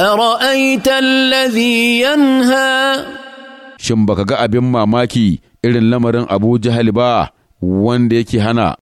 أرأيت الذي ينهى shin baka ga abin mamaki irin lamarin Abuja Jahal ba wanda yake hana